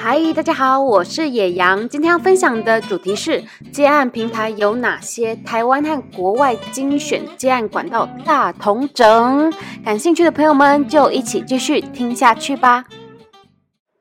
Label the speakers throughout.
Speaker 1: 嗨，Hi, 大家好，我是野羊，今天要分享的主題是接案平台有哪些？台灣和國外精選接案管道大統整，感興趣的朋友們就一起繼續聽下去吧。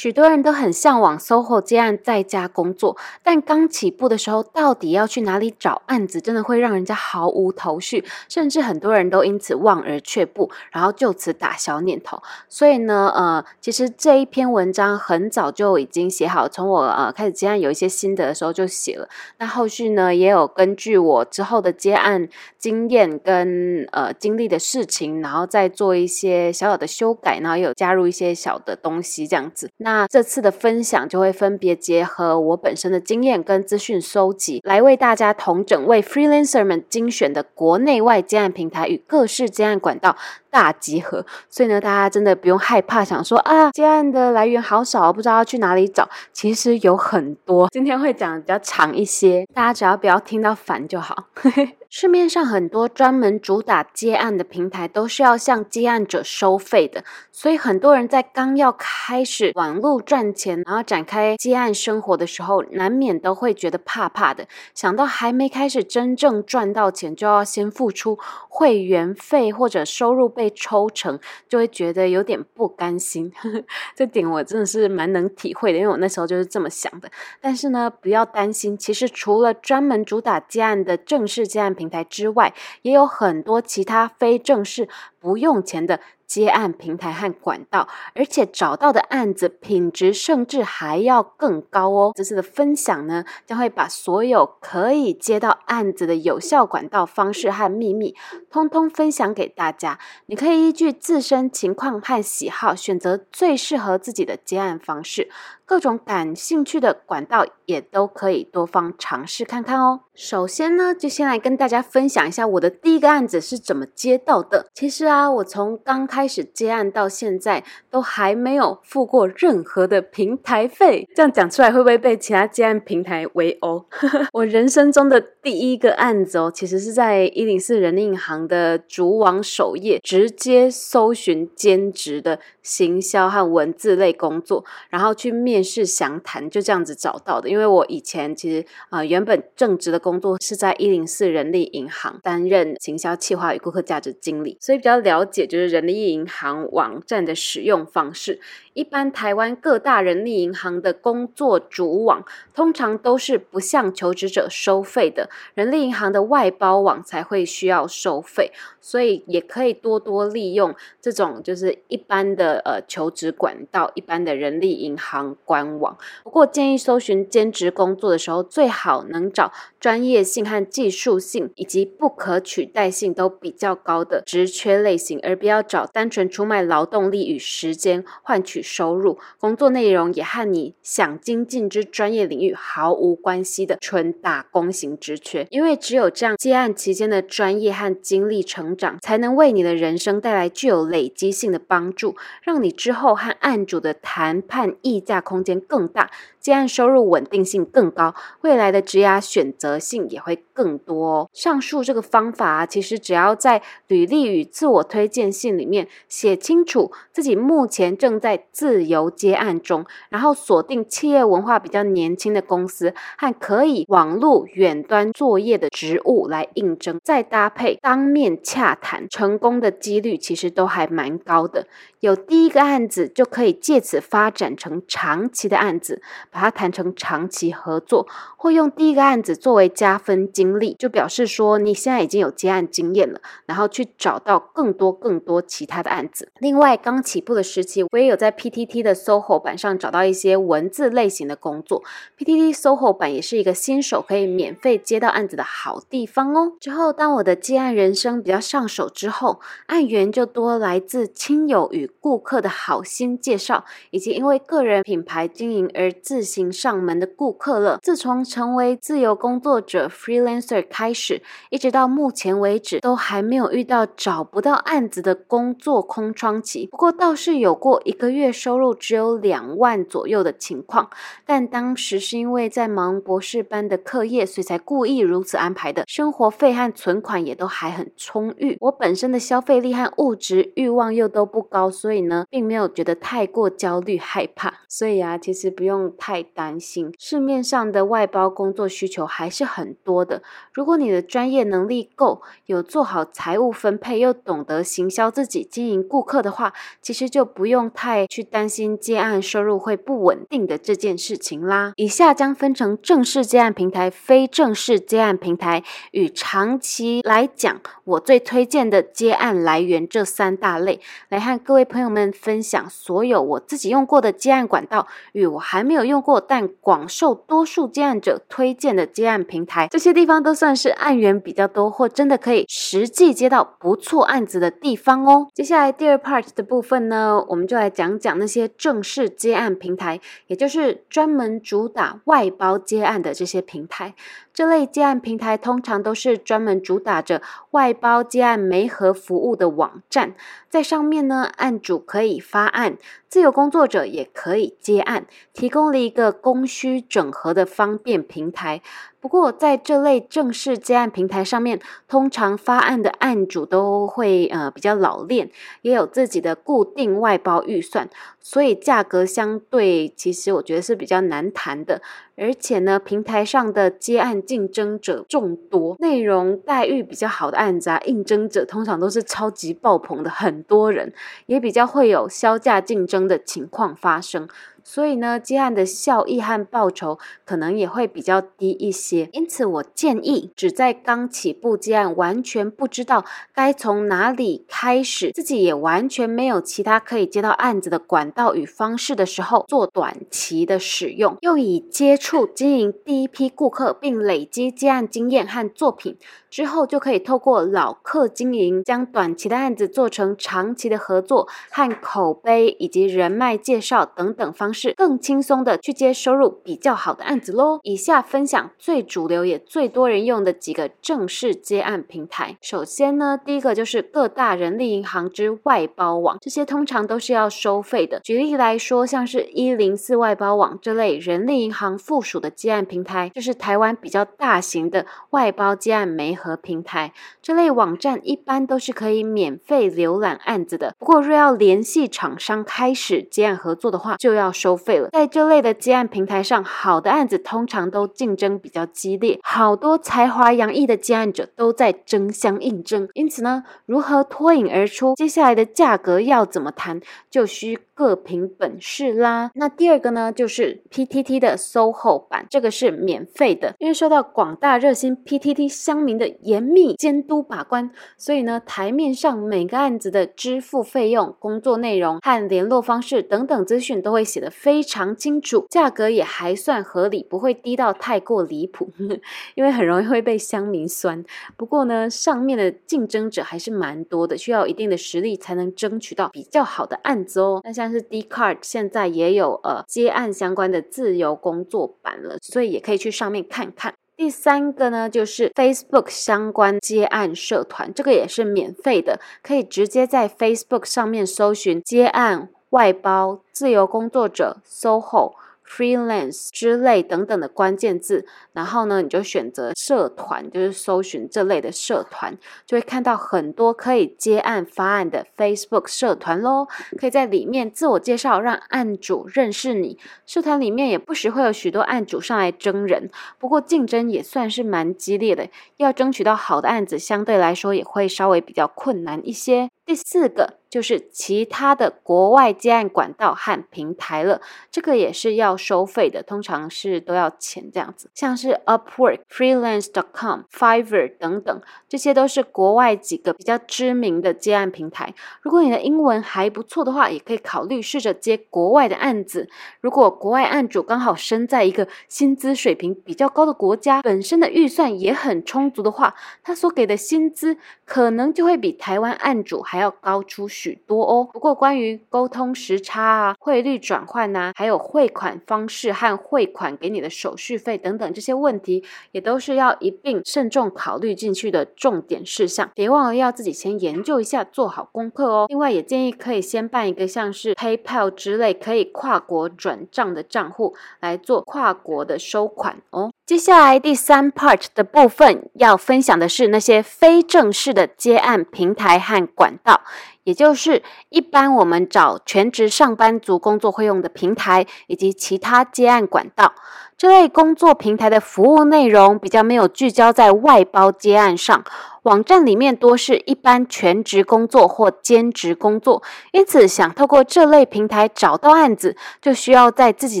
Speaker 1: 許多人都很向往 SOHO 接案、在家工作，但剛起步的時候，到底要去哪裡找案子，真的會讓人家毫無頭緒，甚至很多人都因此望而卻步，然後就此打消念頭。所以呢，呃，其實這一篇文章很早就已經寫好，從我呃開始接案有一些心得的時候就寫了。那後續呢，也有根據我之後的接案經驗跟呃經歷的事情，然後再做一些小小的修改，然後也有加入一些小的東西，這樣子。那那這次的分享就會分別結合我本身的經驗跟資訊收集，來為大家統整為 freelancer 們精選的國內外接案平台與各式接案管道大集合。所以呢，大家真的不用害怕，想說啊，接案的來源好少，不知道要去哪裡找。其實有很多，今天會講的比較長一些，大家只要不要聽到煩就好。 市面上很多專門主打接案的平台都是要向接案者收費的，所以很多人在剛要開始網絡賺錢，然後展開接案生活的時候，難免都會覺得怕怕的，想到還沒開始真正賺到錢就要先付出會員費或者收入被抽成，就會覺得有點不甘心。呵呵，這點我真的是蠻能體會的，因為我那時候就是這麼想的。但是呢，不要擔心，其實除了專門主打接案的正式接案平台之外，也有很多其他非正式、不用錢的接案平台和管道，而且找到的案子品質甚至還要更高哦。這次的分享呢，將會把所有可以接到案子的有效管道方式和秘密，通通分享給大家。你可以依據自身情況和喜好，選擇最適合自己的接案方式。各種感興趣的管道也都可以多方嘗試看看哦。首先呢，就先來跟大家分享一下我的第一個案子是怎麼接到的。其實啊，我從剛開始接案到現在都還沒有付過任何的平台費。這樣講出來會不會被其他接案平台圍毆？ 我人生中的第一個案子哦，其實是在一零四人力銀行的主網首頁直接搜尋兼職的行銷和文字類工作，然後去面。是面試詳談，就這樣子找到的，因為我以前其實啊、呃、原本正職的工作是在一零四人力銀行擔任行銷企劃與顧客價值經理，所以比較了解就是人力銀行網站的使用方式。一般台灣各大人力銀行的工作主網，通常都是不向求職者收費的，人力銀行的外包網才會需要收費，所以也可以多多利用這種就是一般的呃求職管道，一般的人力銀行官網。不過建議搜尋兼職工作的時候，最好能找專業性和技術性以及不可取代性都比較高的職缺類型，而不要找單純出賣勞動力與時間換取。收入、工作內容也和你想精進之專業領域毫無關係的純打工型職缺，因為只有這樣，接案期間的專業和經歷成長，才能為你的人生帶來具有累積性的幫助，讓你之後和案主的談判議價空間更大。接案收入穩定性更高，未來的職涯選擇性也會更多哦。上述這個方法啊，其實只要在履歷與自我推薦信裡面寫清楚自己目前正在自由接案中，然後鎖定企業文化比較年輕的公司和可以網絡遠端作業的職務來應徵，再搭配當面洽談，成功的幾率其實都還蠻高的。有第一個案子就可以借此發展成長期的案子。把它談成長期合作，或用第一個案子作為加分經歷，就表示說你現在已經有接案經驗了，然後去找到更多更多其他的案子。另外，剛起步的時期，我也有在 PTT 的 SOHO 板上找到一些文字類型的工作。PTT SOHO 板也是一個新手可以免費接到案子的好地方哦。之後，當我的接案人生比較上手之後，案源就多來自親友與顧客的好心介紹，以及因為個人品牌經營而自。自行上門的顧客了。自從成為自由工作者 （freelancer） 開始，一直到目前為止，都還沒有遇到找不到案子的工作空窗期。不過倒是有過一個月收入只有兩萬左右的情況，但當時是因為在忙博士班的課業，所以才故意如此安排的。生活費和存款也都還很充裕。我本身的消費力和物質慾望又都不高，所以呢，並沒有覺得太過焦慮害怕。所以啊，其實不用太。太擔心，市面上的外包工作需求還是很多的。如果你的專業能力夠，有做好財務分配，又懂得行銷自己、經營顧客的話，其實就不用太去擔心接案收入會不穩定的這件事情啦。以下將分成正式接案平台、非正式接案平台，與長期來講，我最推薦的接案來源這三大類，來和各位朋友們分享所有我自己用過的接案管道與我還沒有用過，但廣受多數接案者推薦的接案平台，這些地方都算是案源比較多，或真的可以實際接到不錯案子的地方哦。接下來第二 part 的部分呢，我們就來講講那些正式接案平台，也就是專門主打外包接案的這些平台。這類接案平台通常都是專門主打着外包接案媒合服務的網站，在上面呢，案主可以發案，自由工作者也可以接案，提供了一個供需整合的方便平台。不過，在這類正式接案平台上面，通常發案的案主都會呃比較老練，也有自己的固定外包預算，所以價格相對其實我覺得是比較難談的。而且呢，平台上的接案競爭者眾多，內容待遇比較好的案子啊，應徵者通常都是超級爆棚的，很多人也比較會有削價競爭的情況發生。所以呢，接案的效益和報酬可能也會比較低一些。因此，我建議只在剛起步接案，完全不知道該從哪裡開始，自己也完全沒有其他可以接到案子的管道與方式的時候，做短期的使用。又以接觸經營第一批顧客，並累積接案經驗和作品之後，就可以透過老客經營，將短期的案子做成長期的合作和口碑以及人脈介紹等等方式。是更輕鬆的去接收入比較好的案子嘍。以下分享最主流也最多人用的幾個正式接案平台。首先呢，第一個就是各大人力銀行之外包網，這些通常都是要收費的。舉例來說，像是104外包網這類人力銀行附屬的接案平台，就是台灣比較大型的外包接案媒合平台。這類網站一般都是可以免費瀏覽案子的。不過若要聯繫廠商開始接案合作的話，就要收收費了，在這類的接案平台上，好的案子通常都競爭比較激烈，好多才華洋溢的接案者都在爭相應徵。因此呢，如何脫穎而出，接下來的價格要怎麼談，就需各憑本事啦。那第二個呢，就是 PTT 的 SOHO 版，這個是免費的，因為受到廣大熱心 PTT 鄉民的嚴密監督把關，所以呢，台面上每個案子的支付費用、工作內容和聯絡方式等等資訊都會寫的。非常清楚，價格也還算合理，不會低到太過離譜，呵呵，因為很容易會被鄉民酸。不過呢，上面的競爭者還是蠻多的，需要一定的實力才能爭取到比較好的案子哦。那像是 Dcard 現在也有呃接案相關的自由工作版了，所以也可以去上面看看。第三個呢，就是 Facebook 相關接案社團，這個也是免費的，可以直接在 Facebook 上面搜尋接案、外包、自由工作者、soho、freelance 之類等等的關鍵字，然後呢，你就選擇社團，就是搜尋這類的社團，就會看到很多可以接案發案的 Facebook 社團咯，可以在裡面自我介紹，讓案主認識你。社團裡面也不時會有許多案主上來徵人，不過競爭也算是蠻激烈的，要爭取到好的案子，相對來說也會稍微比較困難一些。第四個就是其他的國外接案管道和平台了，這個也是要收費的，通常是都要錢這樣子。像是 Upwork, Freelance.com, Fiverr 等等，這些都是國外幾個比較知名的接案平台。如果你的英文還不錯的話，也可以考慮試着接國外的案子。如果國外案主剛好身在一個薪資水平比較高的國家，本身的預算也很充足的話，他所給的薪資可能就會比台灣案主還還要高出許多哦。不過，關於溝通時差啊、匯率轉換吶、啊，還有匯款方式和匯款給你的手續費等等這些問題，也都是要一併慎重考慮進去的重點事項。別忘了要自己先研究一下，做好功課哦。另外，也建議可以先辦一個像是 PayPal 之類可以跨國轉賬的賬戶來做跨國的收款哦。接下來第三 part 的部分要分享的是那些非正式的接案平台和管道。也就是一般我們找全職上班族工作會用的平台以及其他接案管道，這類工作平台的服務內容比較沒有聚焦在外包接案上，網站裡面多是一般全職工作或兼職工作，因此想透過這類平台找到案子，就需要在自己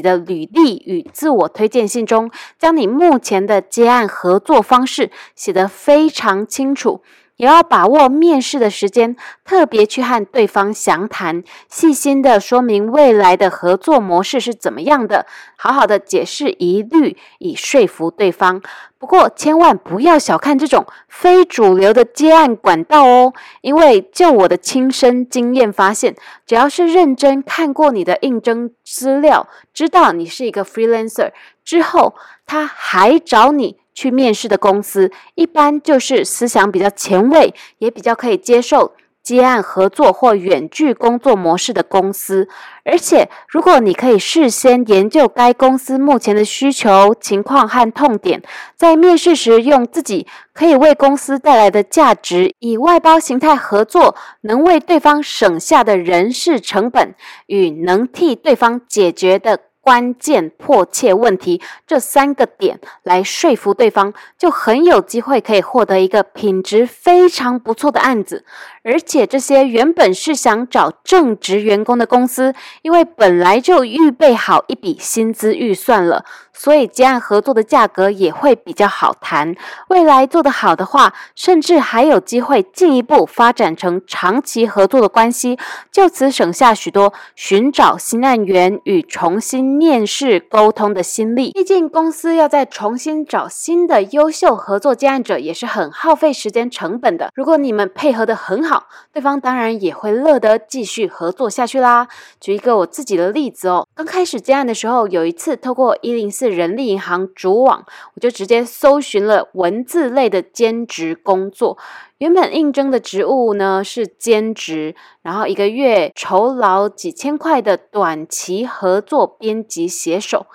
Speaker 1: 的履歷與自我推薦信中，將你目前的接案合作方式寫得非常清楚。也要把握面試的時間，特別去和對方詳談，細心的說明未來的合作模式是怎麼樣的，好好的解釋疑慮，以說服對方。不過千萬不要小看這種非主流的接案管道哦，因為就我的親身經驗發現，只要是認真看過你的應徵資料，知道你是一個 freelancer。之後他還找你去面試的公司，一般就是思想比較前衛，也比較可以接受接案合作或遠距工作模式的公司。而且，如果你可以事先研究該公司目前的需求情況和痛點，在面試時用自己可以為公司帶來的價值，以外包形態合作，能為對方省下的人事成本與能替對方解決的。關鍵迫切問題，這三個點來說服對方，就很有機會可以獲得一個品質非常不錯的案子。而且這些原本是想找正職員工的公司，因為本來就預備好一筆薪資預算了。所以接案合作的價格也會比較好談，未來做得好的話，甚至還有機會進一步發展成長期合作的關係，就此省下許多尋找新案源與重新面試溝通的心力。畢竟公司要再重新找新的優秀合作接案者也是很耗費時間成本的。如果你們配合得很好，對方當然也會樂得繼續合作下去啦。舉一個我自己的例子哦，剛開始接案的時候，有一次透過一零四人力銀行主網，我就直接搜尋了文字類的兼職工作。原本應徵的職務呢，是兼職，然後一個月酬勞幾千塊的短期合作編輯寫手。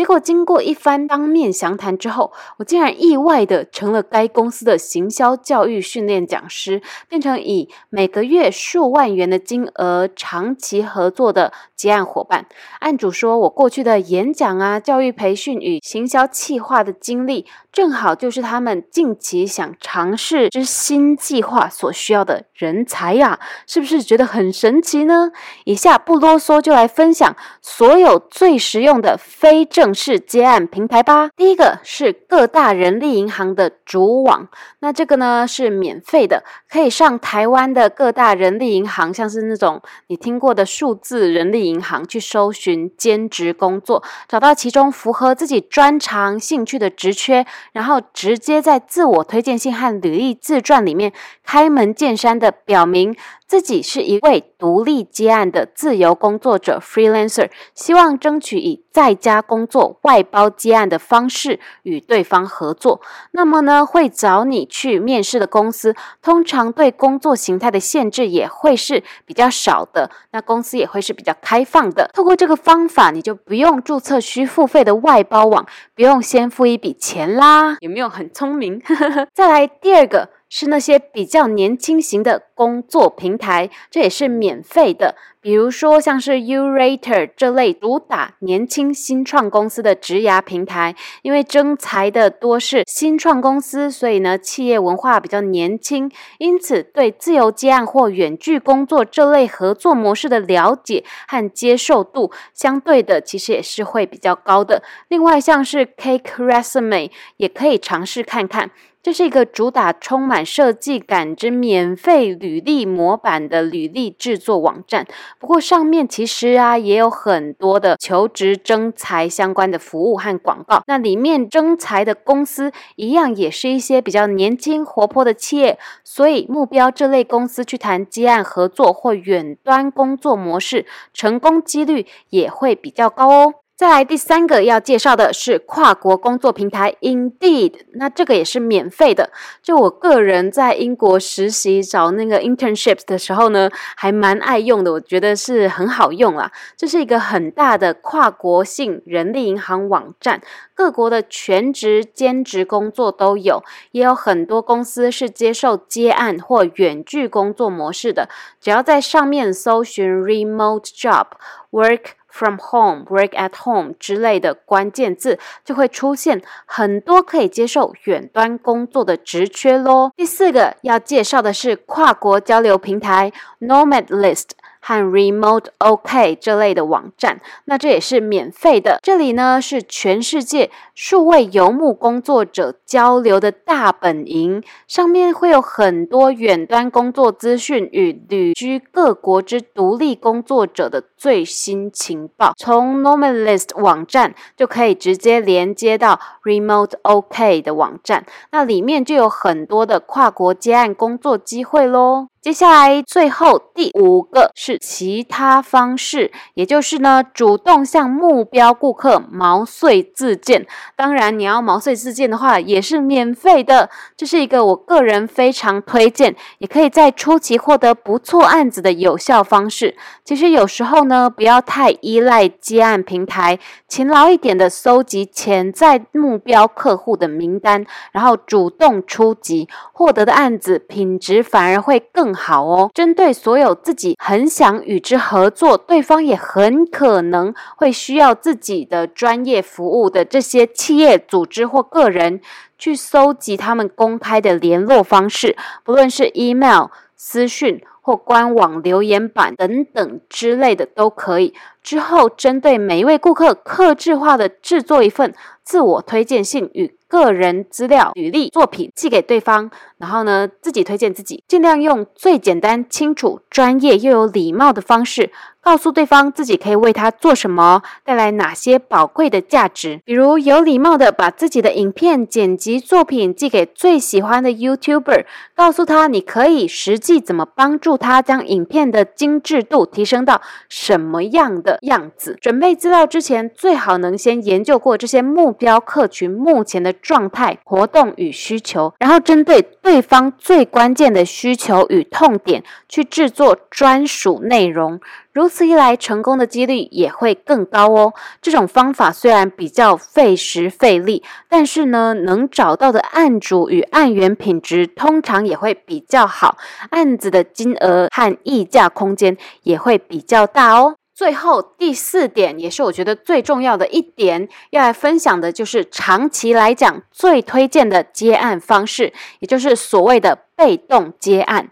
Speaker 1: 結果經過一番當面詳談之後，我竟然意外的成了該公司的行銷教育訓練講師，變成以每個月數萬元的金額長期合作的接案夥伴。案主說，我過去的演講啊、教育培訓與行銷企劃的經歷，正好就是他們近期想嘗試之新計劃所需要的。人才呀、啊，是不是覺得很神奇呢？以下不囉嗦，就來分享所有最實用的非正式接案平台吧。第一個是各大人力銀行的主網，那這個呢，是免費的，可以上台灣的各大人力銀行，像是那種你聽過的數字人力銀行，去搜尋兼職工作，找到其中符合自己專長興趣的職缺，然後直接在自我推薦信和履歷自傳裡面開門見山的。表明自己是一位獨立接案的自由工作者 （freelancer），希望爭取以在家工作、外包接案的方式與對方合作。那麼呢，會找你去面試的公司，通常對工作形態的限制也會是比較少的，那公司也會是比較開放的。透過這個方法，你就不用注冊需付費的外包網，不用先付一筆錢啦。有沒有很聰明？ 再來第二個。是那些比較年輕型的工作平台，這也是免費的。比如說，像是 Yourator 這類主打年輕新創公司的職涯平台，因為徵才的多是新創公司，所以呢，企業文化比較年輕，因此對自由接案或遠距工作這類合作模式的了解和接受度，相對的其實也是會比較高的。另外，像是 Cake Resume 也可以嘗試看看。這是一個主打充滿設計感之免費履歷模板、的履歷製作網站，不過上面其實啊也有很多的求職徵才相關的服務和廣告。那裡面徵才的公司一樣也是一些比較年輕活潑的企業，所以目標這類公司去談接案合作或遠端工作模式，成功幾率也會比較高哦。再來第三個要介紹的是跨國工作平台 Indeed，那這個也是免費的。就我個人在英國實習找那個 internships 的時候呢，還蠻愛用的，我覺得是很好用啦。這是一個很大的跨國性人力銀行網站，各國的全職、兼職工作都有，也有很多公司是接受接案或遠距工作模式的。只要在上面搜尋 remote job work。From home, work at home 之類的關鍵字就會出現很多可以接受遠端工作的職缺咯。第四個要介紹的是跨國交流平台 Nomad List。和 Remote OK 這類的網站，那這也是免費的。這裡呢是全世界數位游牧工作者交流的大本營，上面會有很多遠端工作資訊與旅居各國之獨立工作者的最新情報。從 Nomad List 網站就可以直接連接到 Remote OK 的網站，那裡面就有很多的跨國接案工作機會嘍。接下來，最後第五個是其他方式，也就是呢，主動向目標顧客毛遂自薦。當然，你要毛遂自薦的話，也是免費的。這是一個我個人非常推薦，也可以在初期獲得不錯案子的有效方式。其實有時候呢，不要太依賴接案平台，勤勞一點的搜集潛在目標客戶的名單，然後主動出擊，獲得的案子品質反而會更。更好哦。針對所有自己很想與之合作，對方也很可能會需要自己的專業服務的這些企業、組織或個人，去搜集他們公開的聯絡方式，不論是 email、私訊或官網留言板等等之類的都可以。之後，針對每一位顧客，客製化的製作一份自我推薦信與個人資料、履歷、作品寄給對方。然後呢，自己推薦自己，盡量用最簡單、清楚、專業又有禮貌的方式，告訴對方自己可以為他做什麼，帶來哪些寶貴的價值。比如，有禮貌的把自己的影片剪輯作品寄給最喜歡的 YouTuber，告訴他你可以實際怎麼幫助他將影片的精緻度提升到什麼樣的。樣子準備資料之前，最好能先研究過這些目標客群目前的狀態、活動與需求，然後針對對方最關鍵的需求與痛點去制作專屬內容。如此一來，成功的幾率也會更高哦。這種方法雖然比較費時費力，但是呢，能找到的案主與案源品質通常也會比較好，案子的金額和議價空間也會比較大哦。最後第四點，也是我覺得最重要的一點，要來分享的就是長期來講最推薦的接案方式，也就是所謂的被動接案。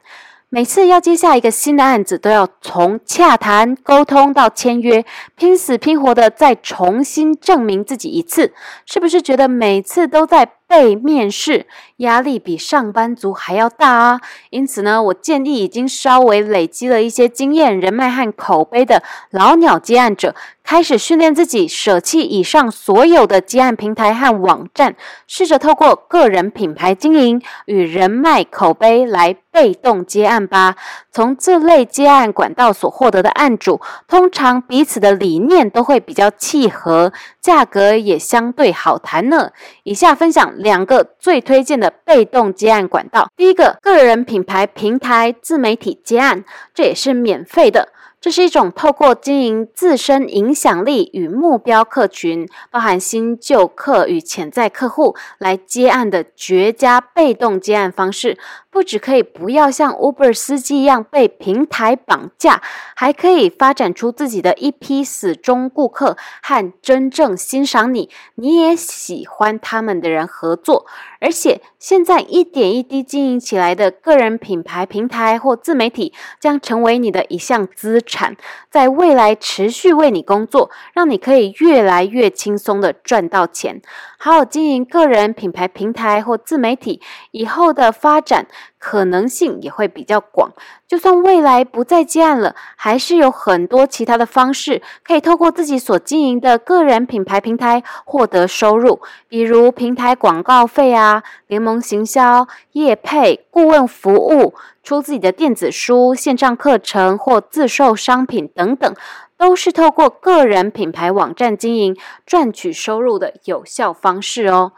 Speaker 1: 每次要接下一個新的案子，都要從洽談、溝通到簽約，拼死拼活地再重新證明自己一次，是不是覺得每次都在？被面試壓力比上班族還要大啊！因此呢，我建議已經稍微累積了一些經驗、人脈和口碑的老鳥接案者，開始訓練自己舍棄以上所有的接案平台和網站，試着透過個人品牌經營與人脈口碑來被動接案吧。從這類接案管道所獲得的案主，通常彼此的理念都會比較契合，價格也相對好談呢。以下分享。兩個最推薦的被動接案管道，第一個個人品牌平台自媒體接案，這也是免費的。這是一種透過經營自身影響力與目標客群，包含新舊客與潛在客戶來接案的絕佳被動接案方式。不只可以不要像 Uber 司機一樣被平台綁架，還可以發展出自己的一批死忠顧客和真正欣賞你、你也喜歡他們的人合作。而且，現在一點一滴經營起來的個人品牌平台或自媒體，將成為你的一項資產，在未來持續為你工作，讓你可以越來越輕鬆的賺到錢。好好經營個人品牌平台或自媒體，以後的發展，可能性也會比較廣，就算未來不再接案了，還是有很多其他的方式可以透過自己所經營的個人品牌平台獲得收入，比如平台廣告費啊、聯盟行銷、業配、顧問服務、出自己的電子書、線上課程或自售商品等等，都是透過個人品牌網站經營賺取收入的有效方式哦。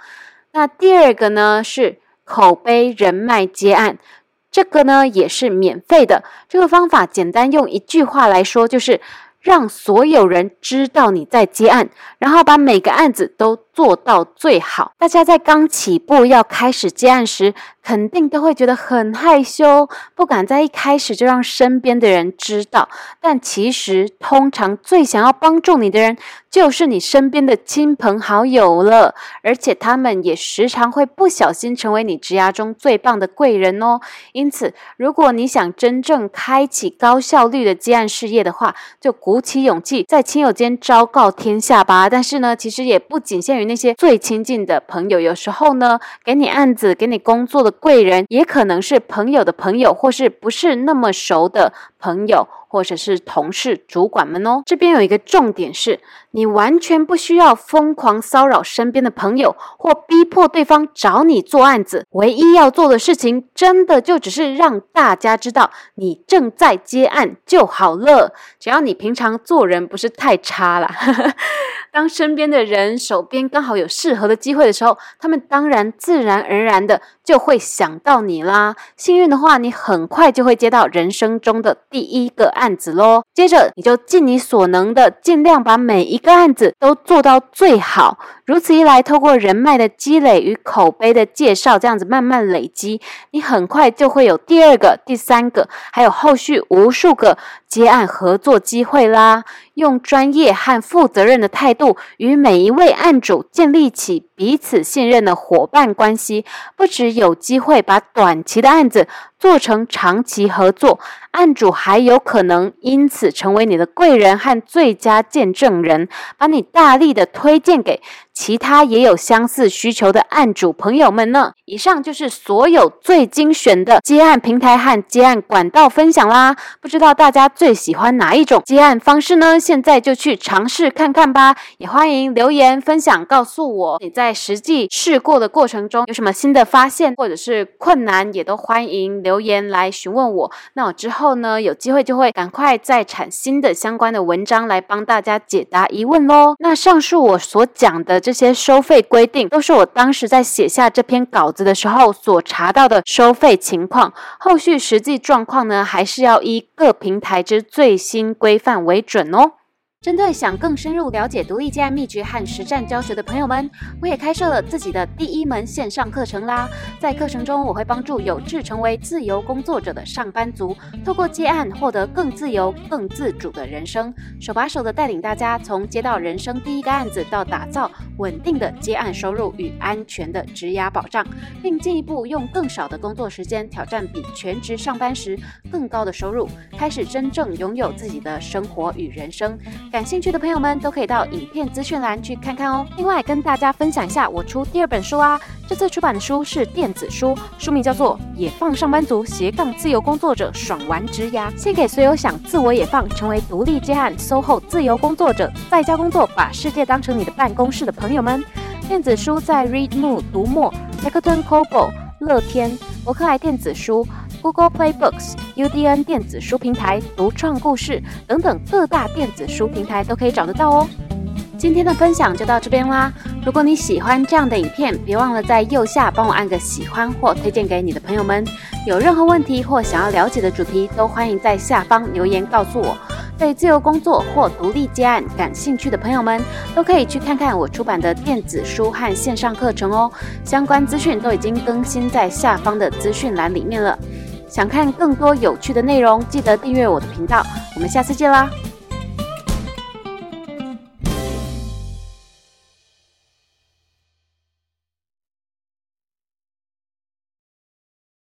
Speaker 1: 那第二個呢，是，口碑人脈接案，這個呢也是免費的。這個方法簡單，用一句話來說，就是讓所有人知道你在接案，然後把每個案子都做到最好。大家在剛起步要開始接案時，肯定都會覺得很害羞，不敢在一開始就讓身邊的人知道。但其實，通常最想要幫助你的人，就是你身邊的親朋好友了。而且他們也時常會不小心成為你職涯中最棒的貴人哦。因此，如果你想真正開啟高效率的接案事業的話，就鼓起勇氣在親友間昭告天下吧。但是呢，其實也不僅限於。那些最親近的朋友，有時候呢，給你案子、給你工作的貴人，也可能是朋友的朋友，或是不是那麼熟的朋友，或者是同事、主管們哦。這邊有一個重點是，你完全不需要瘋狂騷擾身邊的朋友，或逼迫對方找你做案子。唯一要做的事情，真的就只是讓大家知道你正在接案就好了。只要你平常做人不是太差了。呵呵當身邊的人手邊剛好有適合的機會的時候，他們當然自然而然的，就會想到你啦。幸運的話，你很快就會接到人生中的第一個案子咯。接着，你就盡你所能的，儘量把每一個案子都做到最好。如此一來，透過人脈的積累與口碑的介紹，這樣子慢慢累積，你很快就會有第二個、第三個，還有後續無數個接案合作機會啦。用專業和負責任的態度，與每一位案主建立起彼此信任的夥伴關係，不止，有機會把短期的案子做成長期合作，案主還有可能因此成為你的貴人和最佳見證人，把你大力的推薦給。其他也有相似需求的案主朋友們呢。以上就是所有最精選的接案平台和接案管道分享啦！不知道大家最喜歡哪一種接案方式呢？現在就去嘗試看看吧。也歡迎留言分享，告訴我你在實際試過的過程中有什麼新的發現，或者是困難，也都歡迎留言來詢問我。那我之後呢，有機會就會趕快再產新的相關的文章來幫大家解答疑問嘍。那上述我所講的這些收費規定都是我當時在寫下這篇稿子的時候所查到的收費情況，後續實際狀況呢，還是要依各平台之最新規範為準哦。針對想更深入了解獨立接案秘訣和實戰教學的朋友們，我也開設了自己的第一門線上課程啦。在課程中，我會幫助有志成為自由工作者的上班族，透過接案獲得更自由、更自主的人生，手把手的帶領大家從接到人生第一個案子，到打造穩定的接案收入與安全的職涯保障，並進一步用更少的工作時間挑戰比全職上班時更高的收入，開始真正擁有自己的生活與人生。感興趣的朋友們都可以到影片資訊欄去看看哦。另外，跟大家分享一下，我出第二本書啊。這次出版的書是電子書，書名叫做《野放上班族斜槓自由工作者爽玩職涯》，獻給所有想自我野放，成為獨立接案、soho 自由工作者，在家工作把世界當成你的辦公室的朋友們。電子書在 Readmoo 讀墨。Rakuten Kobo 樂天、博客來電子書、Google Play Books、UDN 電子書平台、讀創故事等等各大電子書平台，都可以找得到哦。今天的分享就到這邊啦。如果你喜歡這樣的影片，別忘了在右下幫我按個喜歡，或推薦給你的朋友們。有任何問題或想要了解的主題，都歡迎在下方留言告訴我。對自由工作或獨立接案感興趣的朋友們，都可以去看看我出版的電子書和線上課程哦。相關資訊都已經更新在下方的資訊欄裡面了。想看更多有趣的內容，記得訂閱我的頻道。我們下次見啦！